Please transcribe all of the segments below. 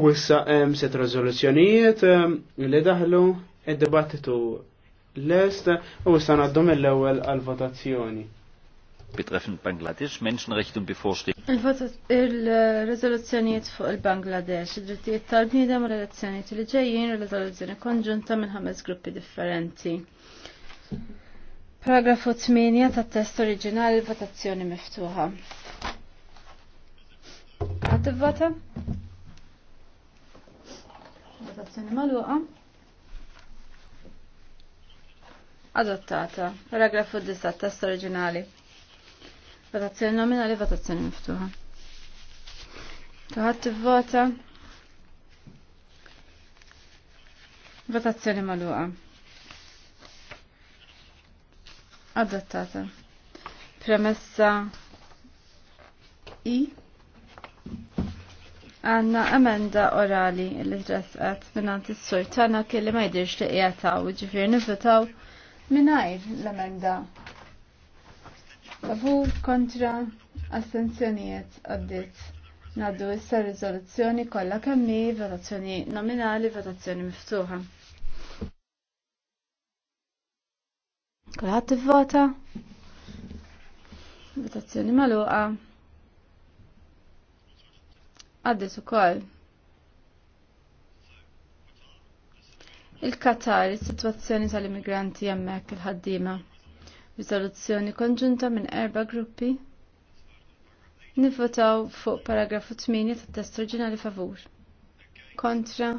U issa hemm set rezoluzzjonijiet li daħlu id-dibattitu l-est u issa għaddhom mill-ewwel għall votazzjoni Betreffend Bangladesh, Menschenrechte und Bevorstehung. Il-rezoluzzjonijiet eh, fuq il-Bangladesh, id-drittijiet tal-bniedem u relazzjonijiet li ġejjin u rezoluzzjoni konġunta minn ħames gruppi differenti. Paragrafu 8 tat test oriġinali votazzjoni miftuħa. Għad Votazzjoni maluqa. Adottata. Paragrafu 10 test originali. Votazzjoni nominali, votazzjoni miftuħa. Tuħat vota. Votazzjoni maluqa. Adottata. Premessa I. Għanna emenda orali li minn minnant il-sur tana kelli ma jidirx li jgħataw, ġifir nifutaw minnajr l-emenda. Favur kontra astenzjonijiet għaddit. Naddu issa rizoluzzjoni kollha kemmi votazzjoni nominali, votazzjoni miftuħa. Kulħadd vota, Votazzjoni magħluqa u ukoll. Il-Katar, is-sitwazzjoni tal-immigranti hemmhekk il-ħaddiema. Riżoluzzjoni konġunta minn erba' gruppi. Nivvotaw fuq paragrafu 8 tat-test oriġinali favur. Kontra.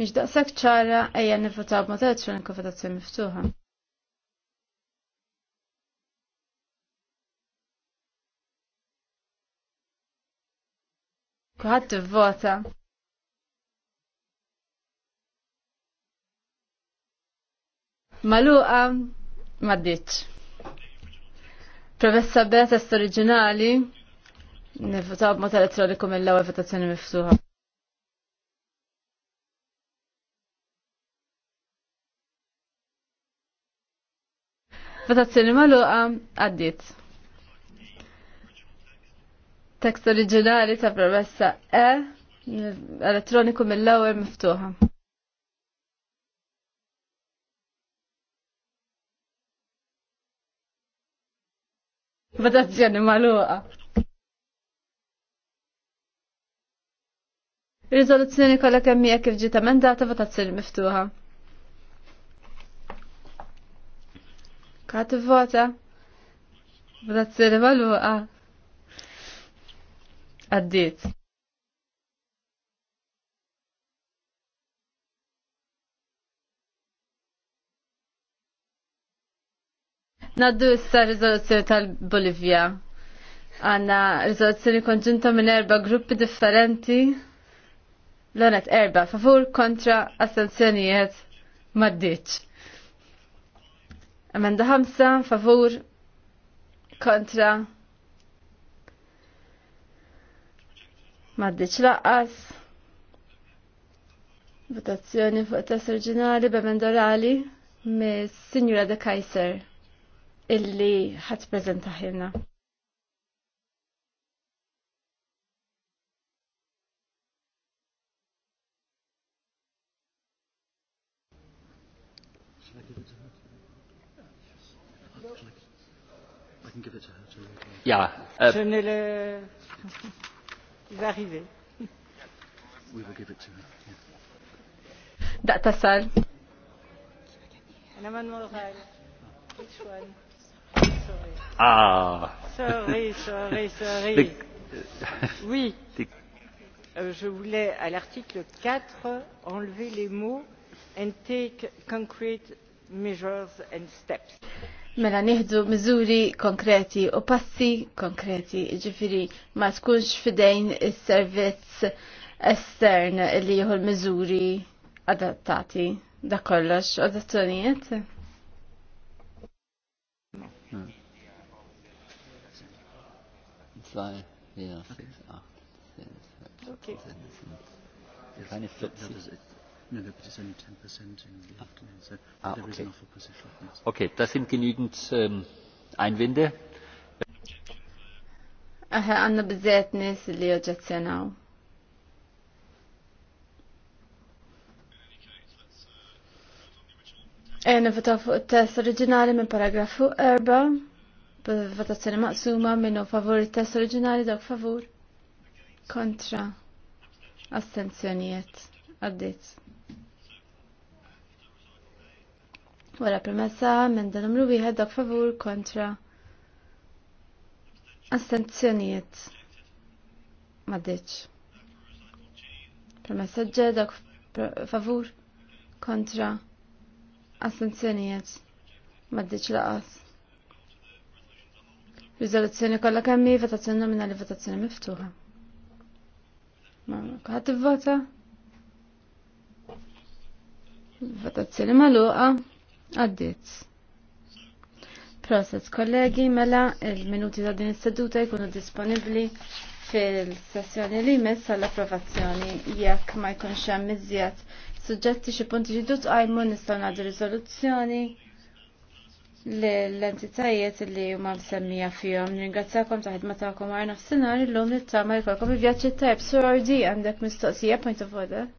Mhix daqsak ċara ejja nivvotaw b'mod elettroniku votazzjoni miftuħa. Kuħat vota. Maluqa maddiċ. Professa B test oriġinali. Nifutaw b'mod elettroniku mill-ewwel votazzjoni miftuħa. Votazzjoni magħluqa għaddiet. Tekst oriġinali ta' promessa E elettroniku mill-ewwel miftuħa. Votazzjoni maluqa. Rizoluzzjoni kollha kemm hija kif ġiet emendata votazzjoni miftuħa. Kati vota. Votazzjoni magħluqa. Għaddit. Naddu issa rizoluzzjoni tal-Bolivja. Għanna rizoluzzjoni konġunta minn erba gruppi differenti. L-onet erba favur kontra assenzjonijiet maddiċ. Amenda ħamsa favur kontra Maddiċ laqqas. Votazzjoni fuq test reġinali b'emendorali me Signora de Kaiser illi ħat prezenta ħilna. Yeah, äh, uh... Il va We will give it to oral. Which one? Sorry. Ah. Sorry, sorry, sorry. Oui. Euh, je voulais, à l'article 4, enlever les mots and take concrete measures and steps mela nieħdu miżuri konkreti u passi konkreti, ġifiri ma tkunx fidejn is-servizz estern li jieħu l-miżuri adattati da kollox adattonijiet. Okay. No, but it's only 10% in the ah. afternoon, so ah, there okay. is an offer position. Yes. Okay, das sind genügend um Einwände. Aha, għanna bizzet nis li oġazzjonaw. Ejna eh, fuq il-test oriġinali minn paragrafu 4, votazzjoni maqsuma minnu favur il-test oriġinali dawk favur. Kontra. Astenzjonijiet. Għaddit. Wara premessa minn dan numru wieħed dak favur kontra astenzjonijiet maddiċ. Premessa ġe dak favur kontra astenzjonijiet maddiċ laqas. Rizoluzzjoni kollha kemm hi votazzjoni nominali votazzjoni miftuħa. Ma ħadd Votazzjoni magħluqa. Għaddit. Proset kollegi, mela il-minuti ta' din is-seduta jkunu disponibbli fil-sessjoni li jmiss għall-approvazzjoni jekk ma jkunx hemm iżjed suġġetti xi punti ġidu tqajmu nistgħu nagħdu riżoluzzjoni l-entitajiet li huma msemmija fihom. Ringrazzakom ta' ħidma tagħkom għar nofsinhar illum nittama jkollkom il-vjaġġi tajb sur ordi għandek mistoqsija point of order.